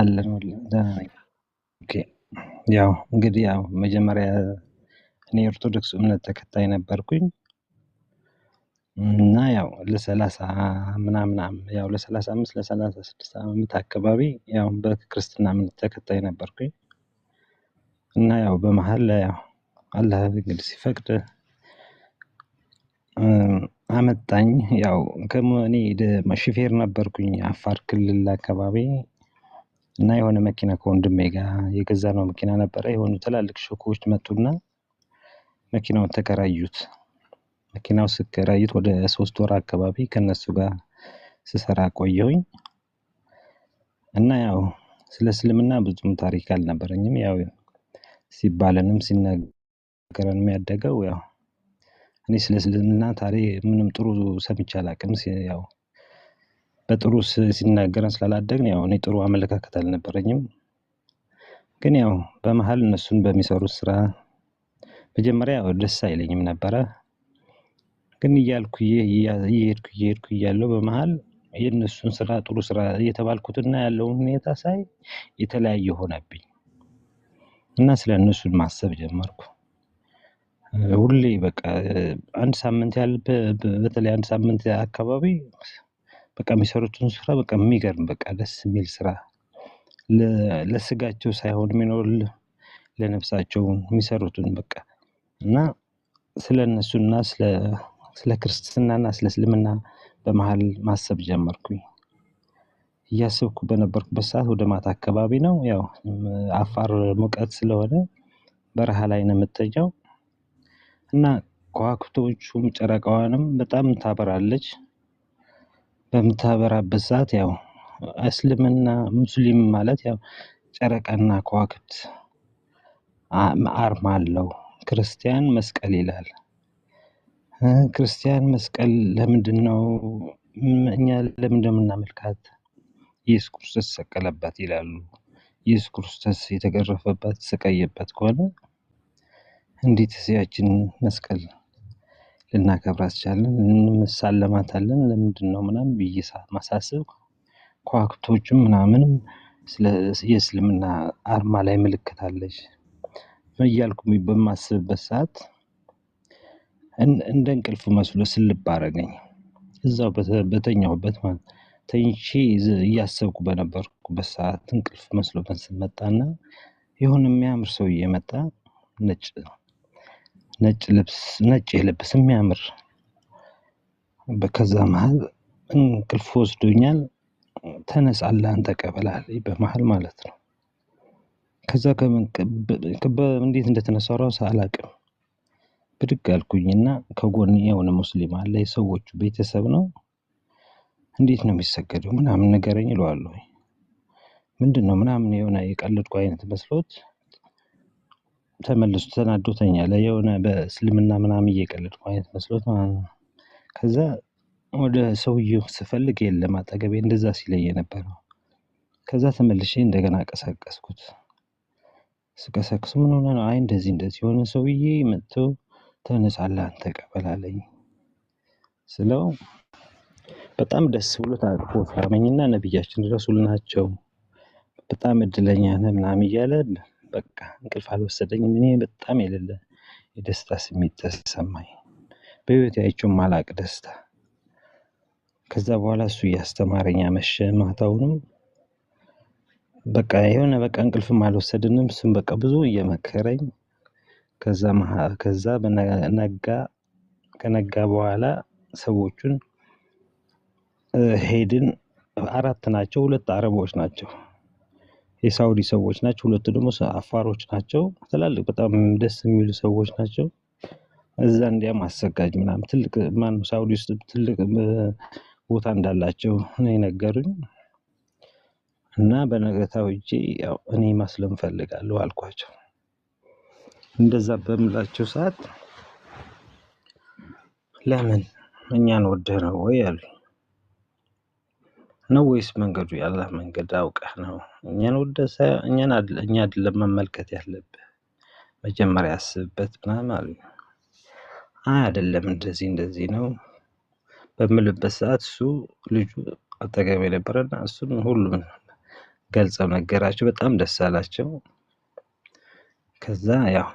አለን ኦኬ ያው እንግዲህ ያው መጀመሪያ እኔ የኦርቶዶክስ እምነት ተከታይ ነበርኩኝ እና ያው ለሰላሳ ምናምን ያው ለሰላሳ አምስት ለሰላሳ ስድስት ዓመት አካባቢ ያው በክርስትና እምነት ተከታይ ነበርኩኝ እና ያው በመሀል ላይ ያው አላህ እንግዲህ ሲፈቅድ አመጣኝ ያው ከሞ ሽፌር ነበርኩኝ አፋር ክልል አካባቢ እና የሆነ መኪና ከወንድሜ ጋር ነው መኪና ነበረ የሆኑ ትላልቅ ሸኮዎች መጡና መኪናውን ተከራዩት። መኪናው ስከራዩት ወደ ሶስት ወር አካባቢ ከነሱ ጋር ስሰራ ቆየሁኝ። እና ያው ስለ እስልምና ብዙም ታሪክ አልነበረኝም። ያው ሲባለንም ሲነገረንም ያደገው ያው እኔ ስለ እስልምና ታሪክ ምንም ጥሩ ሰምቼ አላቅም። ያው በጥሩ ሲናገረን ስላላደግን ያው እኔ ጥሩ አመለካከት አልነበረኝም። ግን ያው በመሀል እነሱን በሚሰሩት ስራ መጀመሪያ ያው ደስ አይለኝም ነበረ። ግን እያልኩ እየሄድኩ እየሄድኩ እያለው በመሃል የነሱን ስራ ጥሩ ስራ እየተባልኩትና ያለውን ሁኔታ ሳይ የተለያየ ሆነብኝ። እና እነሱን ማሰብ ጀመርኩ። ሁሌ በቃ አንድ ሳምንት ያህል በተለይ አንድ ሳምንት አካባቢ በቃ የሚሰሩትን ስራ በቃ የሚገርም በቃ ደስ የሚል ስራ ለስጋቸው ሳይሆን የሚኖር ለነፍሳቸው የሚሰሩትን በቃ እና ስለ እነሱና ስለ ስለ ክርስትናና ስለ እስልምና በመሀል ማሰብ ጀመርኩኝ። እያሰብኩ በነበርኩበት ሰዓት ወደ ማታ አካባቢ ነው ያው አፋር ሙቀት ስለሆነ በረሃ ላይ ነው የምትተኛው። እና ከዋክብቶቹም ጨረቃዋንም በጣም ታበራለች በምታበራበት ሰዓት ያው እስልምና ሙስሊም ማለት ያው ጨረቃና ከዋክብት አርማ አለው። ክርስቲያን መስቀል ይላል። ክርስቲያን መስቀል ለምንድን ነው እኛ ለምን እንደምናመልካት ኢየሱስ ክርስቶስ ተሰቀለባት ይላሉ። ኢየሱስ ክርስቶስ የተገረፈባት የተሰቃየባት ከሆነ እንዴት ያችን መስቀል ልናከብራት ቻልን እንሳለማታለን ነው ምናምን ብዬ ማሳስብ ከዋክብቶቹም ምናምንም የእስልምና አርማ ላይ ምልክት አለች እያልኩ በማስብበት ሰዓት እንደ እንቅልፍ መስሎ ስልብ አደረገኝ። እዛው በተኛሁበት ማለት ተኝቼ እያሰብኩ በነበርኩበት ሰዓት እንቅልፍ መስሎ መጣና የሆነ የሚያምር ሰው እየመጣ ነጭ ነው ነጭ ልብስ ነጭ የለበሰ የሚያምር በከዛ መሃል እንቅልፍ ወስዶኛል። ተነስ አላህን ቀበላል በመሃል ማለት ነው። ከዛ እንዴት እንደተነሳሁ እራሱ አላውቅም። ብድግ አልኩኝና ከጎን የሆነ ሙስሊም አለ፣ የሰዎቹ ቤተሰብ ነው። እንዴት ነው የሚሰገደው ምናምን ነገረኝ ይለዋለሁ። ምንድን ነው ምናምን የሆነ የቀለድኩ አይነት መስሎት ተመልሶ ተናዶተኛለ የሆነ በእስልምና ምናምን እየቀለድኩ አይነት መስሎት ማለት ነው። ከዛ ወደ ሰውየው ስፈልግ የለም አጠገቤ፣ እንደዛ ሲለየ የነበረው። ከዛ ተመልሼ እንደገና ቀሳቀስኩት። ስቀሰቅሱ ምን ሆነ ነው? አይ እንደዚህ እንደዚህ የሆነ ሰውዬ መጥቶ ተነሳላን ተቀበላለኝ ስለው በጣም ደስ ብሎ አቅፎ ሳመኝና ነቢያችን ረሱል ናቸው በጣም እድለኛ ነህ ምናምን እያለ በቃ እንቅልፍ አልወሰደኝም። እኔ በጣም የሌለ የደስታ ስሜት ተሰማኝ። በህይወት አይቼው ማላቅ ደስታ። ከዛ በኋላ እሱ እያስተማረኝ አመሸ። ማታውንም በቃ የሆነ በቃ እንቅልፍም አልወሰድንም። እሱም በቃ ብዙ እየመከረኝ ከዛ ከዛ ነጋ ከነጋ በኋላ ሰዎቹን ሄድን። አራት ናቸው። ሁለት አረቦች ናቸው የሳውዲ ሰዎች ናቸው። ሁለቱ ደግሞ አፋሮች ናቸው። ትላልቅ በጣም ደስ የሚሉ ሰዎች ናቸው። እዛ እንዲያም አሰጋጅ ምናምን ትልቅ ማን ሳውዲ ውስጥ ትልቅ ቦታ እንዳላቸው ነው የነገሩኝ። እና በነገታው እጄ ያው እኔ ማስለም ፈልጋለሁ አልኳቸው። እንደዛ በምላቸው ሰዓት ለምን እኛን ወደ ነው ወይ አሉኝ። ነው ወይስ መንገዱ የአላህ መንገድ አውቀህ ነው? እኛን ወደሰ እኛን እኛ አይደለም መመልከት ያለብህ መጀመሪያ ያስብበት ምናምን አሉ። አይ አይደለም እንደዚህ እንደዚህ ነው በምልበት ሰዓት እሱ ልጁ አጠገብ የነበረና እሱን ሁሉም ገልጸው ነገራቸው። በጣም ደስ አላቸው። ከዛ ያው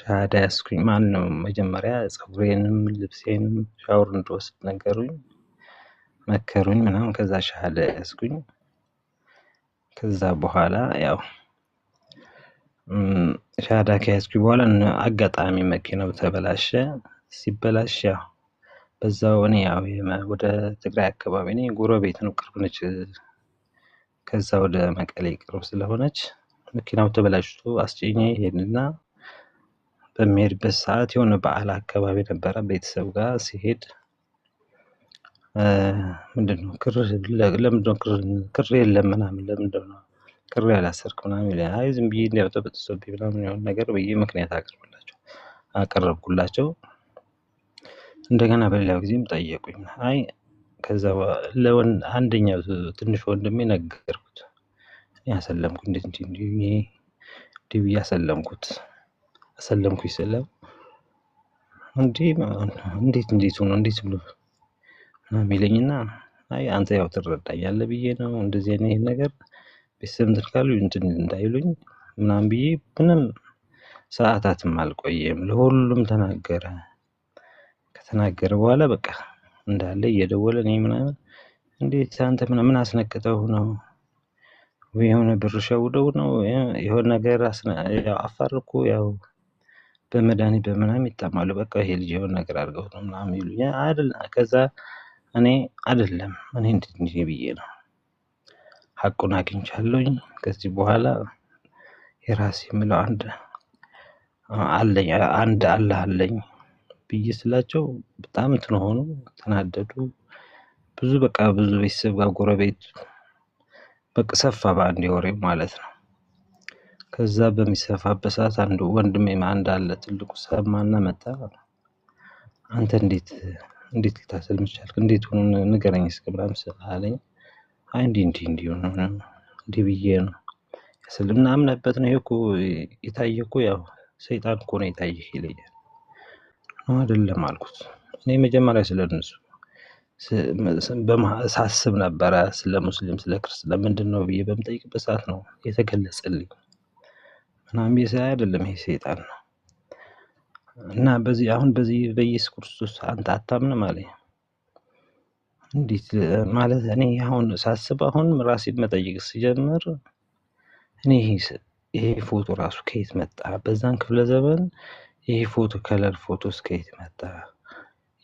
ሻሃዳ ያስኩኝ ማን ነው መጀመሪያ ፀጉሬንም ልብሴንም ሻወር እንደወስድ ነገሩኝ። መከሩኝ ምናምን ከዛ ሻሃዳ ያዝኩኝ። ከዛ በኋላ ያው ሻሃዳ ከያዝኩኝ በኋላ አጋጣሚ መኪናው ተበላሸ። ሲበላሽ ያው በዛው እኔ ያው ወደ ትግራይ አካባቢ እኔ ጎረቤት ነው ቅርብ ነች። ከዛ ወደ መቀሌ ቅርብ ስለሆነች መኪናው ተበላሽቶ አስጭኜ ሄድና በሚሄድበት ሰዓት የሆነ በዓል አካባቢ ነበረ ቤተሰብ ጋር ሲሄድ ምንድነው ክር ክር የለም ምናምን ለምንድነው ክር ያላሰርክ ምናምን አይ ዝም ብዬ ምናምን የሆነ ነገር ብዬ ምክንያት አቀርብላቸው አቀረብኩላቸው። እንደገና በሌላው ጊዜም ጠየቁኝ። አይ ከዛ ለወን አንደኛው ትንሽ ወንድሜ ነገርኩት። ያሰለምኩ እንዴት እንዴ እንዴ ብዬ አሰለምኩት አሰለምኩኝ ስለው እንዴ እንዴት እንዴት ሆኖ እንዴት ብሎ ነው የሚለኝና አይ አንተ ያው ትረዳኛለህ ብዬ ነው እንደዚህ አይነት ነገር ቤተሰብ እንትን እንትን እንዳይሉኝ ምናምን ብዬ ምንም ሰዓታትም አልቆየም። ለሁሉም ተናገረ። ከተናገረ በኋላ በቃ እንዳለ እየደወለ እኔ ምናምን እንዴት አንተ ምን አስነክተው ነው የሆነ ብር ሸውደው ነው የሆነ ነገር አፋርኩ ያው በመድኃኒት በምናምን ይጠማሉ። በቃ ይሄ ልጅ የሆነ ነገር አድርገው ነው ምናምን ይሉኛል አይደል? ከዛ እኔ አይደለም እኔ እንዲህ ብዬ ነው ሀቁን አግኝቻለሁኝ። ከዚህ በኋላ የራስ የምለው አንድ አለኝ አንድ አለ አለኝ ብዬ ስላቸው በጣም እንትን ሆኑ፣ ተናደዱ። ብዙ በቃ ብዙ ቤተሰብ ጋር ጎረቤት በቃ ሰፋ በአንድ ወሬ ማለት ነው። ከዛ በሚሰፋበት ሰዓት አንዱ ወንድሜ አንድ አለ ትልቁ ሰማና መጣ አንተ እንዴት እንዴት ልታሰልም ቻልክ? እንዴት ሆኖ ንገረኝ እስኪ ምናምን ስላለኝ አይ እንዲህ እንዲህ እንዲህ ሆነ እንዲህ ብዬ ነው ስል ምናምነበት ነው። ይሄ እኮ የታየ እኮ ያው ሰይጣን እኮ ነው የታየ ይለኛል። አይደለም አልኩት እኔ መጀመሪያ ስለ እነሱ ሳስብ ነበረ። ስለ ሙስሊም፣ ስለ ክርስትና ምንድን ነው ብዬ በምጠይቅበት ሰዓት ነው የተገለጸልኝ ምናምን ብዬ ስለ አይደለም ይሄ ሰይጣን ነው እና በዚህ አሁን በዚህ በኢየሱስ ክርስቶስ አንተ አታምንም አለኝ። እንዴት ማለት እኔ አሁን ሳስብ አሁን ራሴን መጠየቅ ስጀምር እኔ ይሄ ፎቶ ራሱ ከየት መጣ? በዛን ክፍለ ዘመን ይሄ ፎቶ ከለር ፎቶስ ከየት መጣ?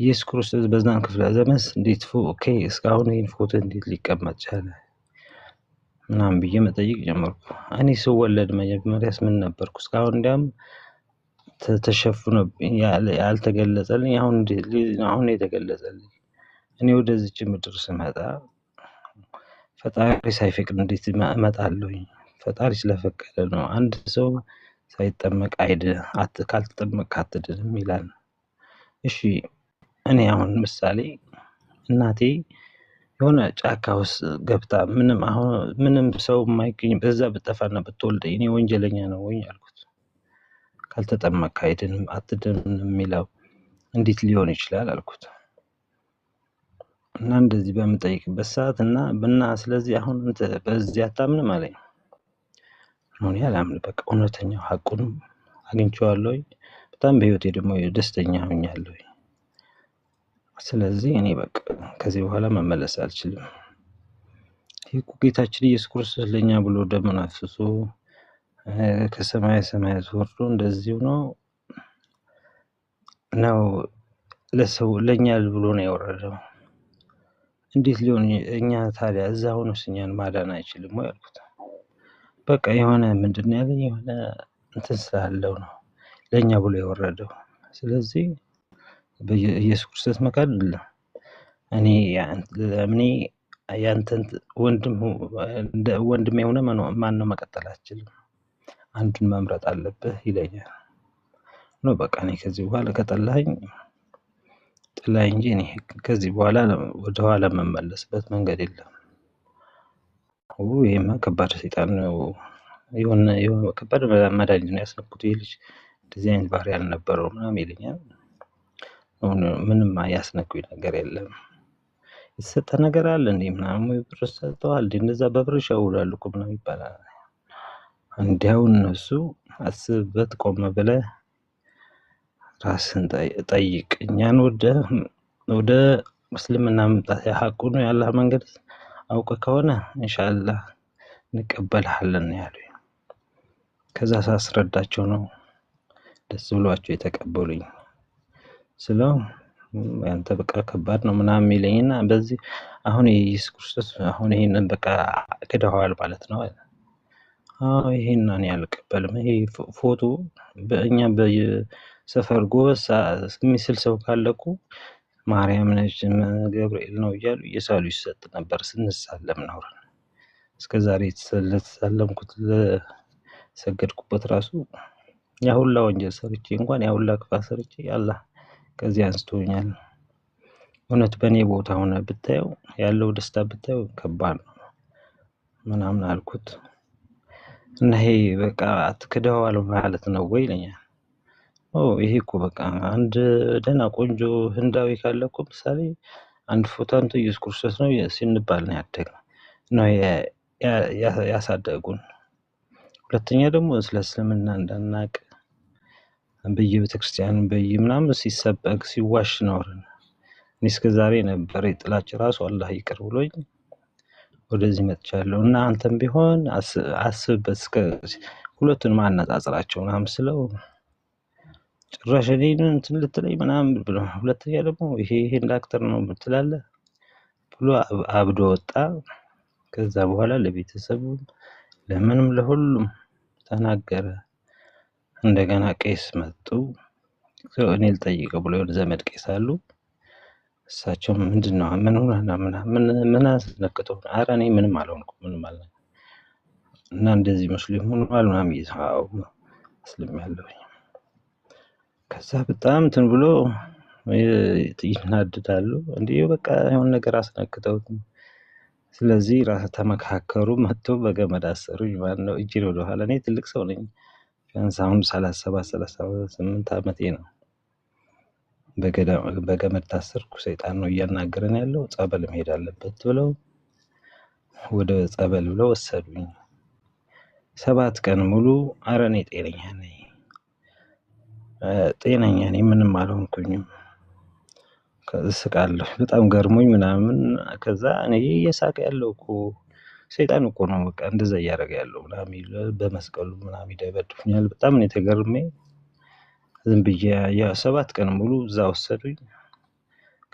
ኢየሱስ ክርስቶስ በዛን ክፍለ ዘመን እንዴት ኦኬ፣ እስካሁን ይህን ፎቶ እንዴት ሊቀመጥ ቻለ? ምናምን ብዬ መጠየቅ ጀመርኩ። እኔ ስወለድ መጀመሪያስ ምን ነበርኩ? እስካሁን እንዲያም ተሸፍኖ ያልተገለጸልኝ አሁን አሁን የተገለጸልኝ። እኔ ወደዚች ምድር ስመጣ ፈጣሪ ሳይፈቅድ እንዴት እመጣለሁ? ፈጣሪ ስለፈቀደ ነው። አንድ ሰው ሳይጠመቅ ካልተጠመቅ አትድንም ይላል። እሺ እኔ አሁን ምሳሌ እናቴ የሆነ ጫካ ውስጥ ገብታ ምንም አሁን ምንም ሰው የማይገኝ በዛ ብጠፋና ብትወልደኝ እኔ ወንጀለኛ ነው ወይ አልኩት። ካልተጠመቅክ አይድንም አትድንም የሚለው እንዴት ሊሆን ይችላል አልኩት። እና እንደዚህ በምጠይቅበት ሰዓት እና ብና ስለዚህ አሁን አንተ በዚህ አታምንም አለኝ። ሆን አላምን በቃ እውነተኛው ሀቁን አግኝቼዋለሁ። በጣም በህይወቴ ደግሞ ደስተኛ ሆኛለሁ። ስለዚህ እኔ በቃ ከዚህ በኋላ መመለስ አልችልም። ይህ ጌታችን ኢየሱስ ክርስቶስ ለእኛ ብሎ ደሙን አፍስሶ ከሰማይ ሰማያት ወርዶ እንደዚሁ ነው ነው ለሰው ለእኛ ብሎ ነው ያወረደው። እንዴት ሊሆን እኛ ታዲያ እዛ ሆኖስ እኛን ማዳን አይችልም ወይ አልኩት። በቃ የሆነ ምንድን ነው ያለኝ የሆነ እንትን ስላለው ነው ለእኛ ብሎ የወረደው። ስለዚህ በኢየሱስ ክርስቶስ መካድ እኔ እኔ ያንተን ወንድም የሆነ ማነው መቀጠል አችልም አንዱን መምረጥ አለብህ ይለኛል። ኖ በቃ እኔ ከዚህ በኋላ ከጠላኝ ጥላኝ እንጂ እኔ ከዚህ በኋላ ወደኋላ የምመለስበት መንገድ የለም። ይህማ ከባድ ሴጣን ነው። የሆነ ከባድ መድኃኒት ነው ያስነኩት። ይህ ልጅ እንደዚህ አይነት ባህሪ ያልነበረው ምናምን ይለኛል። ምንም ያስነኩኝ ነገር የለም። የተሰጠ ነገር አለ እንዴ ምናምን ብር ሰጠዋል እንደዛ በብር ይሸውላሉ እኮ ምናምን ይባላል። እንዲያው እነሱ አስብበት፣ ቆም ብለህ ራስን ጠይቅ። እኛን ወደ እስልምና መምጣት ነው የአላህ መንገድ አውቀ ከሆነ ኢንሻአላህ እንቀበልሃለን ያሉ። ከዛ ሳስረዳቸው ነው ደስ ብሏቸው የተቀበሉኝ። ስለው ያንተ በቃ ከባድ ነው ምናምን የሚለኝና በዚህ አሁን የኢየሱስ ክርስቶስ አሁን ይህንን በቃ ክደዋል ማለት ነው። አዎ ይሄን አልቀበልም። ይሄ ፎቶ በእኛ በሰፈር ጎበዝ የሚስል ሰው ካለ እኮ ማርያም ነች ገብርኤል ነው እያሉ እየሳሉ ይሰጥ ነበር ስንሳለም ኖረን። እስከ ዛሬ ለተሳለምኩት ለሰገድኩበት ራሱ ያሁላ ወንጀል ሰርቼ እንኳን ያሁላ ክፋ ሰርቼ አላህ ከዚህ አንስቶኛል። እውነት በእኔ ቦታ ሆነ ብታየው ያለው ደስታ ብታየው ከባድ ነው ምናምን አልኩት። እና ይሄ በቃ አትክደዋል ማለት ነው ወይ ይለኛል። ኦ ይሄ እኮ በቃ አንድ ደህና ቆንጆ ህንዳዊ ካለ እኮ ምሳሌ አንድ ፎቶ አንተ ኢየሱስ ክርስቶስ ነው ሲንባል ነው ያደግነው ነው ያሳደጉን። ሁለተኛ ደግሞ ስለ እስልምና እንዳናቅ በየቤተክርስቲያኑ በየምናምን ሲሰበክ ሲዋሽ ኖርን። እኔ እስከ ዛሬ ነበር የጥላች ራሱ አላህ ይቅር ብሎኝ ወደዚህ መጥቻለሁ እና አንተም ቢሆን አስብበት እስከ ሁለቱን ማነጻጽራቸው ምናምን ስለው ጭራሽ እኔን እንትን ልትለኝ ምናምን ብሎ ሁለተኛ ደግሞ ይሄ ይሄን ዳክተር ነው ትላለህ ብሎ አብዶ ወጣ። ከዛ በኋላ ለቤተሰቡ ለምንም ለሁሉም ተናገረ። እንደገና ቄስ መጡ። እኔ ልጠይቀው ብሎ የሆነ ዘመድ ቄስ አሉ እሳቸው ምንድን ነው? ምን ምን ምን አስነክቶህ አረ ኧረ እኔ ምንም አልሆንኩም፣ ምንም አለ እና እንደዚህ ሙስሊም ሆኗል ምናምን ይዛው ሙስሊም ያለው ከዛ በጣም እንትን ብሎ ይናድዳሉ። እንዲህ በቃ የሆነ ነገር አስነክተውት ስለዚህ ራስ ተመካከሩ፣ መጥቶ በገመድ አሰሩኝ። ማነው እጅ ወደኋላ። እኔ ትልቅ ሰው ነኝ ቢያንስ አሁን ሰላሳ ሰባት ሰላሳ ስምንት አመቴ ነው። በገመድ ታሰርኩ ሰይጣን ነው እያናገረን ያለው ጸበል መሄድ አለበት ብለው ወደ ጸበል ብለው ወሰዱኝ። ሰባት ቀን ሙሉ አረ እኔ ጤነኛ ነኝ ጤነኛ ነኝ ምንም አልሆንኩኝም። እስቃለሁ በጣም ገርሞኝ ምናምን ከዛ እኔ እየሳቀ ያለው እኮ ሰይጣን እኮ ነው በቃ እንደዛ እያደረገ ያለው ምናምን በመስቀሉ ምናምን ይደበድፉኛል። በጣም ነው የተገርመኝ። ዝም ብዬ ሰባት ቀን ሙሉ እዛ ወሰዱኝ።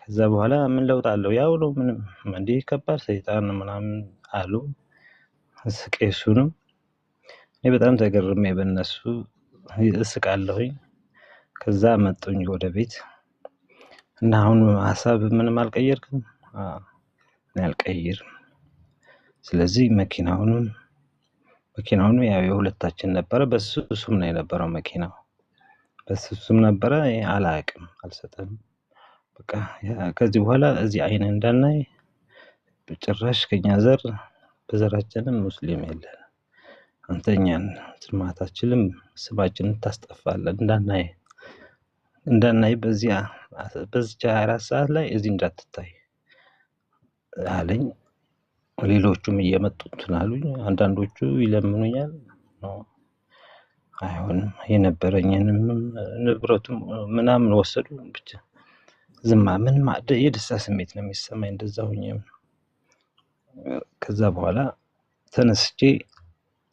ከዛ በኋላ ምን ለውጥ አለው? ያው ነው ምንም እንዲህ ከባድ ሰይጣን ምናምን አሉ። ቄሱንም እኔ በጣም ተገርሜ በነሱ እስቃለሁኝ። ከዛ መጡኝ ወደ ቤት እና አሁን ሀሳብ ምንም አልቀየርክም? አልቀይርም። ስለዚህ መኪናውንም መኪናውንም ያው የሁለታችን ነበረ። በሱ እሱም ነው የነበረው መኪናው እሱም ነበረ አላቅም አልሰጠም። በቃ ከዚህ በኋላ እዚህ አይን እንዳናይ ጭራሽ ከኛ ዘር በዘራችንም ሙስሊም የለን አንተኛን ትማታችልም ስማችን ታስጠፋለን እንዳናይ እንዳናይ በዚያ በዚች አራት ሰዓት ላይ እዚህ እንዳትታይ አለኝ። ሌሎቹም እየመጡ እንትን አሉኝ። አንዳንዶቹ ይለምኑኛል። አይሆንም የነበረኝንም ንብረቱም ምናምን ወሰዱ። ብቻ ዝማ ምን የደስታ ስሜት ነው የሚሰማኝ እንደዛ ሆኜ። ከዛ በኋላ ተነስቼ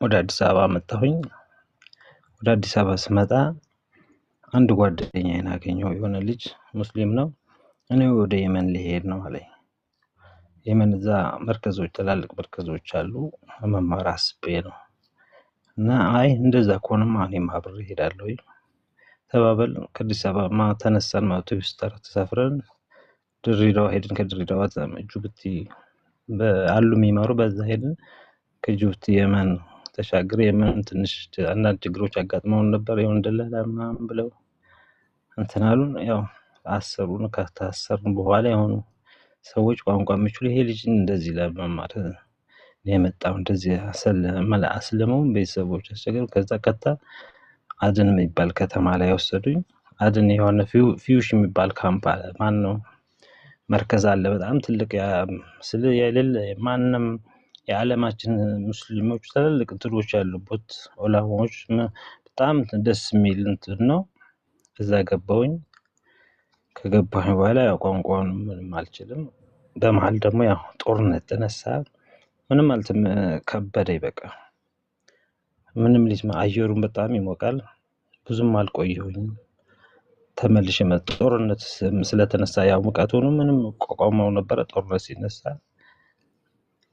ወደ አዲስ አበባ መጣሁኝ። ወደ አዲስ አበባ ስመጣ አንድ ጓደኛዬን አገኘው። የሆነ ልጅ ሙስሊም ነው። እኔ ወደ የመን ሊሄድ ነው አለኝ። የመን እዛ መርከዞች፣ ትላልቅ መርከዞች አሉ መማር አስቤ ነው እና አይ እንደዛ ከሆነማ እኔም አብሬ እሄዳለሁ ተባባል። ከአዲስ አበባ ተነሳን አውቶቡስ ተራ ተሳፍረን ድሬዳዋ ሄድን። ከድሬዳዋ ጅቡቲ አሉ የሚማሩ በዛ ሄድን። ከጅቡቲ የመን ተሻግር የመን ትንሽ አንዳንድ ችግሮች አጋጥመውን ነበር። የሆነ ደላላ ምናምን ብለው እንትን አሉን። ያው አሰሩን። ከታሰሩን በኋላ የሆኑ ሰዎች ቋንቋ የሚችሉ ይሄ ልጅን እንደዚህ ለመማር ነው የመጣው እንደዚህ አስልመውም ቤተሰቦች ያስቸገሩ። ከዛ ቀጥታ አድን የሚባል ከተማ ላይ ወሰዱኝ። አድን የሆነ ፊዩሽ የሚባል ካምፕ አለ። ማን ነው መርከዝ አለ። በጣም ትልቅ ስለ ማንም የዓለማችን ሙስሊሞች ትልልቅ እንትኖች ያሉበት ኦላማዎች በጣም ደስ የሚል እንትን ነው። እዛ ገባውኝ። ከገባሁኝ በኋላ ያው ቋንቋውን ምንም አልችልም። በመሀል ደግሞ ያው ጦርነት ተነሳ። ምንም አልትም ከበደኝ። በቃ ምንም ልጅ አየሩን በጣም ይሞቃል። ብዙም አልቆየሁኝም ተመልሽ መጣሁ። ጦርነት ስለተነሳ ያው ሙቀቱን ምንም ቆቆመው ነበረ። ጦርነት ሲነሳ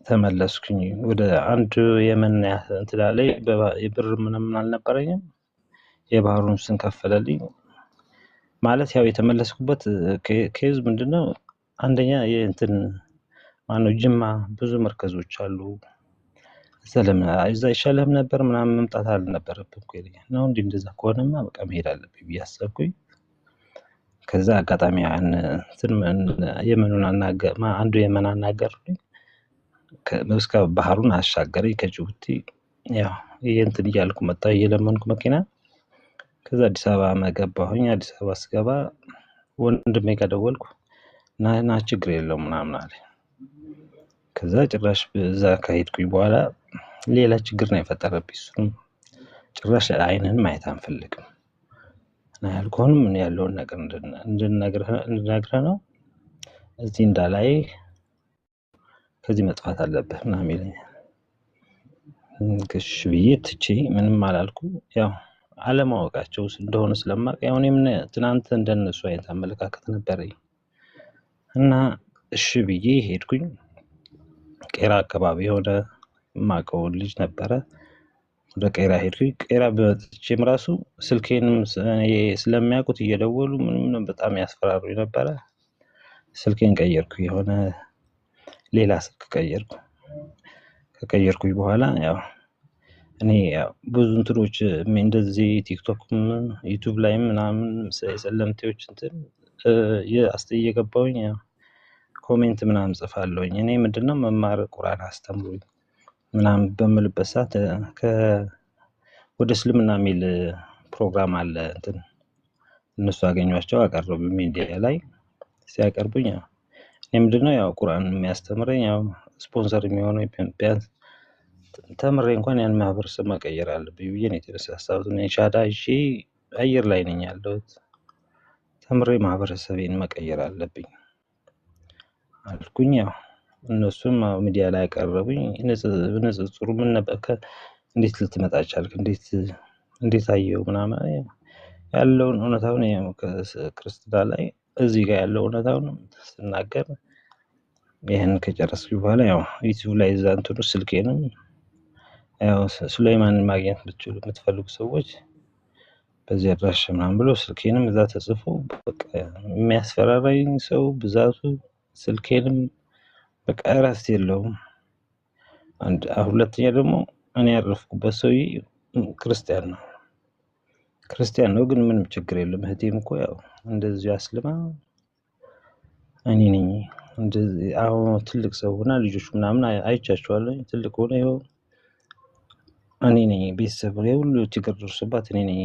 ተመለስኩኝ ወደ አንድ የመን እንትን ላይ የብር ምናምን አልነበረኝም። የባህሩን ስንከፈለልኝ ማለት ያው የተመለስኩበት ኬዝ ምንድነው አንደኛ የእንትን ማነው ጅማ ብዙ መርከዞች አሉ። እዛ ይሻልህም ነበር ምናምን መምጣት አልነበረብም ይለኛል። ነው እንዲህ እንደዛ ከሆነማ በቃ መሄድ አለብኝ ብዬ አሰብኩኝ። ከዛ አጋጣሚ የመኑን አንዱ የመን አናገርኩኝ። እስከ ባህሩን አሻገረኝ ከጅቡቲ ያው ይህንትን እያልኩ መጣ እየለመንኩ መኪና ከዛ አዲስ አበባ መገባሁኝ። አዲስ አበባ ስገባ ወንድሜ ጋር ደወልኩ። ና ችግር የለው ምናምን አለ ከዛ ጭራሽ እዛ ከሄድኩኝ በኋላ ሌላ ችግር ነው የፈጠረብኝ። እሱም ጭራሽ አይንን ማየት አንፈልግም እና ያልኩህን ያለውን ነገር እንድነግርህ ነው እዚህ እንዳላይ ከዚህ መጥፋት አለብህ ምናምን ይለኛል። ግሽ ብዬ ትቼ ምንም አላልኩ። ያው አለማወቃቸው እንደሆነ ስለማቅ ያው እኔም ትናንት እንደነሱ አይነት አመለካከት ነበረኝ እና እሺ ብዬ ሄድኩኝ። ቄራ አካባቢ የሆነ የማውቀው ልጅ ነበረ። ወደ ቄራ ሄድኩኝ። ቄራ በመጥቼም ራሱ ስልኬንም ስለሚያውቁት እየደወሉ ምንም በጣም ያስፈራሩ ነበረ። ስልኬን ቀየርኩ፣ የሆነ ሌላ ስልክ ቀየርኩ። ከቀየርኩኝ በኋላ ያው እኔ ብዙ እንትኖች እንደዚህ ቲክቶክም ዩቱብ ላይም ምናምን ሰለምቴዎች እንትን እየገባሁኝ ኮሜንት ምናምን ጽፋለሁኝ እኔ ምንድነው መማር ቁርአን አስተምሩኝ ምናምን በምልበት ሰዓት ወደ እስልምና የሚል ፕሮግራም አለ እንትን እነሱ አገኟቸው አቀረቡ ሚዲያ ላይ ሲያቀርቡኝ ያው እኔ ምንድነው ያው ቁርአን የሚያስተምረኝ ያው ስፖንሰር የሚሆነው ቢያንስ ተምሬ እንኳን ያን ማህበረሰብ መቀየር አለብኝ ብዬ ነው የተነሳሳሁት። ሻዳ እሺ አየር ላይ ነኝ ያለሁት። ተምሬ ማህበረሰቤን መቀየር አለብኝ። አልኩኝ ያው እነሱም ሚዲያ ላይ ያቀረቡኝ ንጽጽሩ ምን ነበር? እንዴት ልትመጣ ቻልክ? እንዴት አየው ምናምን ያለውን እውነታውን ክርስትና ላይ እዚህ ጋር ያለው እውነታውን ስናገር ይህን ከጨረስኩኝ በኋላ ያው ዩቲዩብ ላይ እዛ እንትኑ ስልኬንም ያው ሱሌይማንን ማግኘት ብትችሉ የምትፈልጉ ሰዎች በዚህ አድራሻ ምናምን ብሎ ስልኬንም እዛ ተጽፎ በቃ የሚያስፈራራኝ ሰው ብዛቱ ስልኬንም በቃ እረፍት የለውም። አንድ ሁለተኛ ደግሞ እኔ ያረፍኩበት ሰውዬ ክርስቲያን ነው። ክርስቲያን ነው ግን ምንም ችግር የለም። እህቴም እኮ ያው እንደዚሁ አስልማ እኔ ነኝ አሁን ትልቅ ሰው ሆና ልጆች ምናምን አይቻቸዋለሁ። ትልቅ ሆነ ይኸው እኔ ነኝ ቤተሰብ የሁሉ ችግር ደርሶባት እኔ ነኝ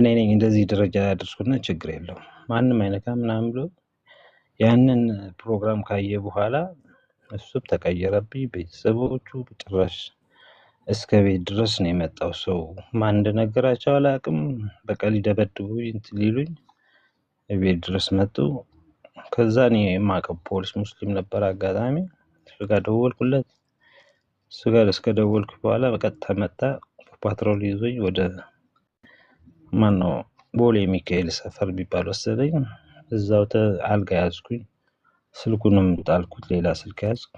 እኔ ነኝ እንደዚህ ደረጃ ያደርስኩና ችግር የለውም ማንም አይነካ ምናምን ብለው ያንን ፕሮግራም ካየ በኋላ እሱም ተቀየረብኝ ቤተሰቦቹ ጭራሽ እስከ ቤት ድረስ ነው የመጣው። ሰው ማን እንደነገራቸው አላውቅም። በቃ ሊደበድቡኝ እንትን ሊሉኝ ቤት ድረስ መጡ። ከዛ እኔ የማውቀው ፖሊስ ሙስሊም ነበር አጋጣሚ። እሱ ጋር ደወልኩለት። እሱ ጋር እስከ ደወልኩ በኋላ በቀጥታ መጣ። ፓትሮል ይዞኝ ወደ ማን ነው ቦሌ ሚካኤል ሰፈር የሚባል ወሰደኝ። እዛው አልጋ ያዝኩኝ ስልኩንም ጣልኩት ሌላ ስልክ ያዝኩ።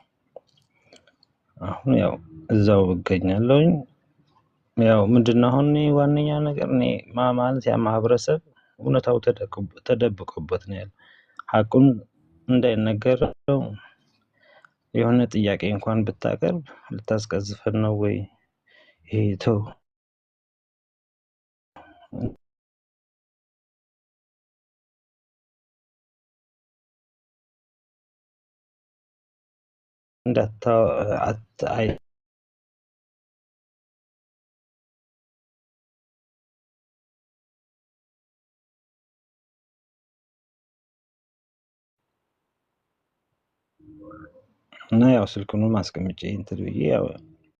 አሁን ያው እዛው እገኛለሁኝ። ያው ምንድነው አሁን ዋነኛ ነገር እኔ ማለት ያ ማህበረሰብ እውነታው ተደብቆበት ነው ያለ ሀቁን እንዳይነገረው የሆነ ጥያቄ እንኳን ብታቀርብ ልታስቀዝፈን ነው ወይ? ይሄ ተው dette at ei እና ያው ስልኩንም አስቀምጬ እንትን ብዬ ያው